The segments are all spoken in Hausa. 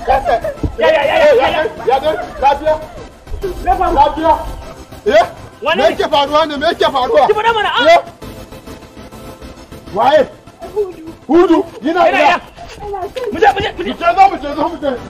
Yeah. Yeah. Yeah. ne? Yeah. Yeah. Yeah. Yeah. Yeah. Yeah. a. Yeah. Yeah. Yeah. Yeah. Yeah. Yeah. Yeah. Yeah. Yeah. Yeah. Yeah. Yeah. Yeah. Yeah. Yeah. Yeah. Yeah. Yeah. Yeah.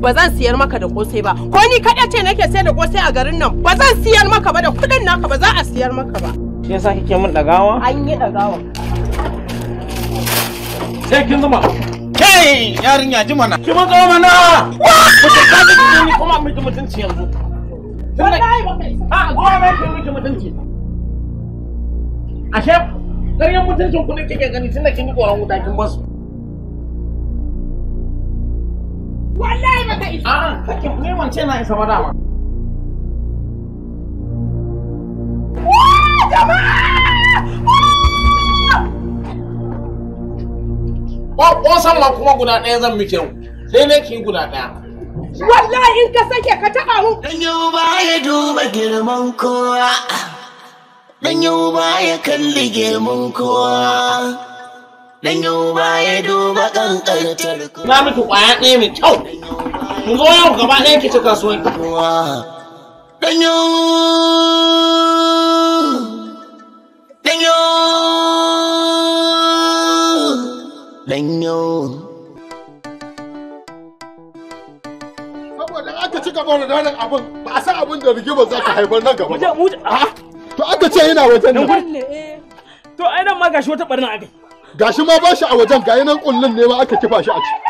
ba zan siyar maka da kosai ba ko ni kaɗa ce nake sayar da kosai a garin nan ba zan siyar maka ba da kuɗin naka ba za a siyar maka ba shi yasa kike min dagawa an yi dagawa sai kin zuma kai yarinya ji mana ki mun zo mana mutum ka ji ni kuma miki mutunci yanzu wallahi ba kai a gobe ki miki mutunci ashe ƙaryan mutuncin kuɗin kike gani tunda kin yi koran wuta kin basu wallahi isa a hakin ne wance na isa madama Ƙwan sama kuma guda ɗaya zan miki yau, sai ne ki guda ɗaya. Wallahi in ka sake ka taɓa mu. Ɗanyo ba ya duba girman kowa, ɗanyo ba ya kalli girman kowa. dan yau ba ya duba kankantar na mutu kwaya ɗaya mai kyau mu zo yau gaba ɗaya ki ci kasuwan ki danyo danyo danyo saboda aka ci gaba da ranar abin ba a san abin da rigimar za ka haifar nan gaba ah, to aka ce yana wajen nan eh. to ai nan ma gashi wata barna aka gashi ma ba shi a wajen ga nan kullun ne ma aka kifa shi a ciki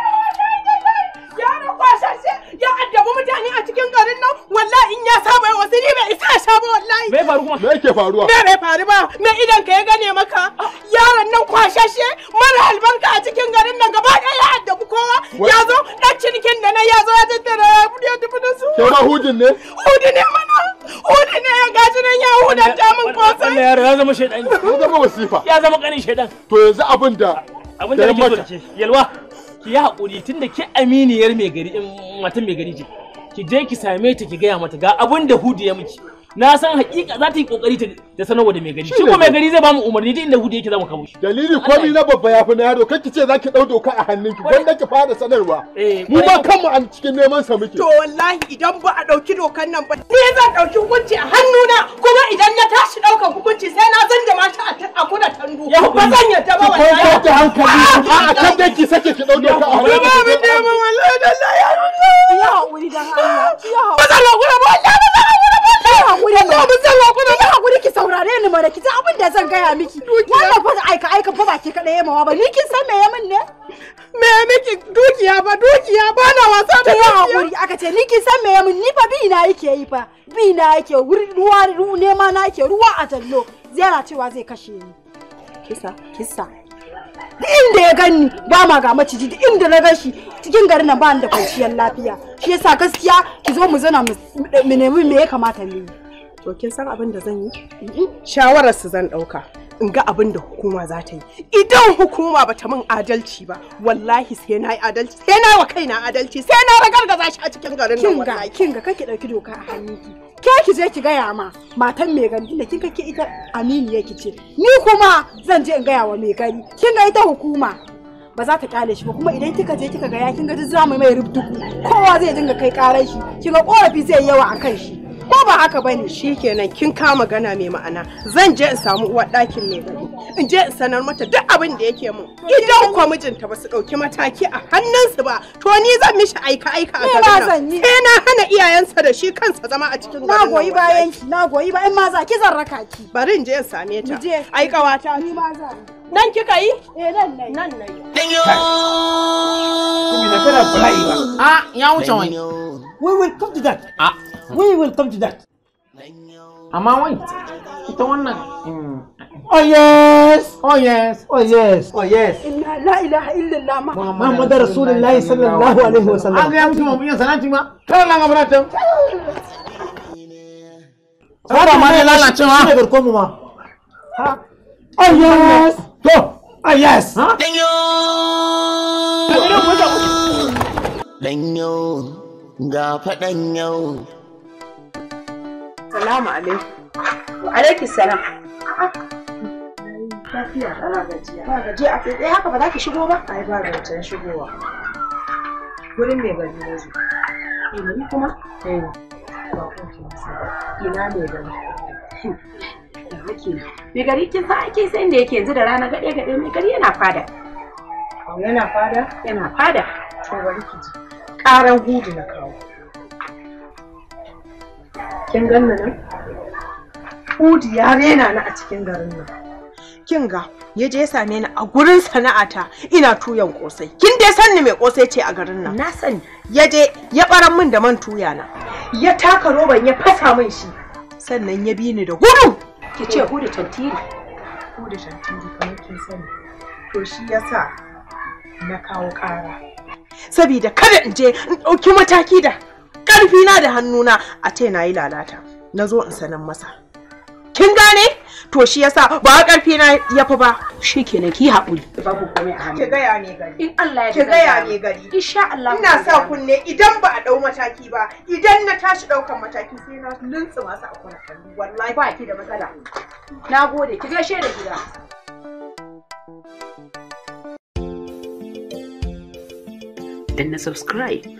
ni a cikin garin nan wallahi in ya saba yawa sai ni bai isa ya sha ba wallahi me faru kuma me yake faruwa me bai faru ba me idan ka ya gane maka yaron nan kwashashe mara albarka a cikin garin nan gaba ɗaya ya addabi kowa ya zo dan cinikin da na ya zo ya tattara ya buɗe ya tafi da su ke ma hudin ne hudin ne mana hudin ne ya gaji nan ya hudanta min kosai wannan yaro ya zama shaidan ya zama wasifa ya zama kanin shaidan to yanzu abin da abin da nake so yalwa ki yi haƙuri tunda ke aminiyar mai gari in matan mai gari ce ki je ki same ta ki gaya mata ga abin da hudu ya miki na san hakika za ta yi kokari ta sanarwa da mai gari shi ko mai gari zai ba mu umarni duk inda hudu yake za mu kawo shi dalili komai na babba ya fi na yaro kai ki ce za ki dau doka a hannunki wanda ki fara sanarwa eh, mu ma kanmu a cikin neman sa muke to wallahi idan ba a dauki dokan nan ba ni zan dauki hukunci a hannuna kuma idan na tashi daukan hukunci sai na zan jama shi a kuna tandu ba zan yarda ba wallahi ki hankali ah! a kan da ki sake ki dau doka a hannunki abin da zan gaya miki wanda wannan fa aika aika fa baki kada mawa ba ni kin san me ya min ne me ya miki dukiya ba dukiya ba na wasa da ya hakuri aka ce ni kin san me ya min ni fa bi na yake yi fa bi na yake wuri ruwa nema na yake ruwa a tallo ziyara cewa zai kashe ni kisa kisa duk inda ya gani ba ma ga maciji duk inda na gashi cikin garin nan ba ni da kwanciyar lafiya shi yasa gaskiya ki zo mu zana mu nemi me ya kamata mu yi To kin san abin da zan yi? Mm-hmm. Shawarar su zan ɗauka. In ga abin da hukuma za ta yi. Idan hukuma bata min adalci ba, wallahi sai na yi adalci, sai na wa kaina adalci, sai na ragargaza shi a cikin garin nan Kinga, kinga kake ɗauki doka a ki Ke ki je ki gaya ma matan mai gani da kinga ke ita aminu yake ce. Ni kuma zan je in gaya wa mai gari. Kinga ita hukuma ba za ta kyale shi ba kuma idan kika je kika ga ya kinga duk za mu mai rubutu kowa zai dinga kai karar shi kinga korafi zai yawa akan shi ko ba haka bane shikenan kin kama gana mai ma'ana zan je in samu uwar ɗakin mai gari in je in sanar mata duk abin da yake mun idan kwa mijinta ba su ɗauki mataki a hannunsu ba to ni zan mishi aika aika a garin sai na hana iyayensa da shi kansa zama a cikin garin na goyi bayan ki na goyi bayan ma za ki zan raka ki bari in je in same ta ai kawata ni ma za nan kika yi eh nan nan nan nan danyo kuma na tana bala'i ba a ah, ya wuce wani we will come to that ah we will come to that amma wai ita wannan oh yes oh yes oh yes oh yes inna la ilaha illallah muhammadu Rasulullah sallallahu alaihi wasallam an ga mutum mun sanati ma kana ga bratan Tsara ma ne lalacewa. Ne garko mu ma. Oh yes. To. Oh yes. Danyo. Danyo. Danyo. Ga faɗan yau. Assalamu alaikum. Wa alaiki salam. Lafiya ana gajiya. Ba gajiya a haka ba ki shigo ba? Ai ba zancen shigowa. Gurin na zo. kuma? Eh. Ba Ina Da ake yake yanzu da gade gade Yana Yana Karan hudu na kawo. kin garin nan Udi ya rena ni a cikin garin nan kin ga ya je same ni a gurin sana'ata ina tuyan kosai kin dai san ni mai kosai ce a garin nan na sani ya je ya baran min da man tuya na ya taka roban ya fasa min shi sannan ya bi ni da gudu ki ce gudu tantiri gudu tantiri kamar kin sani to shi yasa na kawo kara sabida kada in je in ɗauki mataki da ƙarfina da hannuna a ce na yi lalata na zo in sanin masa kin gane to shi yasa ba ƙarfi na ya fi ba shi ke ki haƙuri babu komai a ki gaya ne gari in Allah ya ki gaya ne gari insha Allah ina sa kunne idan ba a dau mataki ba idan na tashi daukan mataki sai na lintsa masu akwai wallahi ba ki da matsala nagode ki gaishe da gida Then subscribe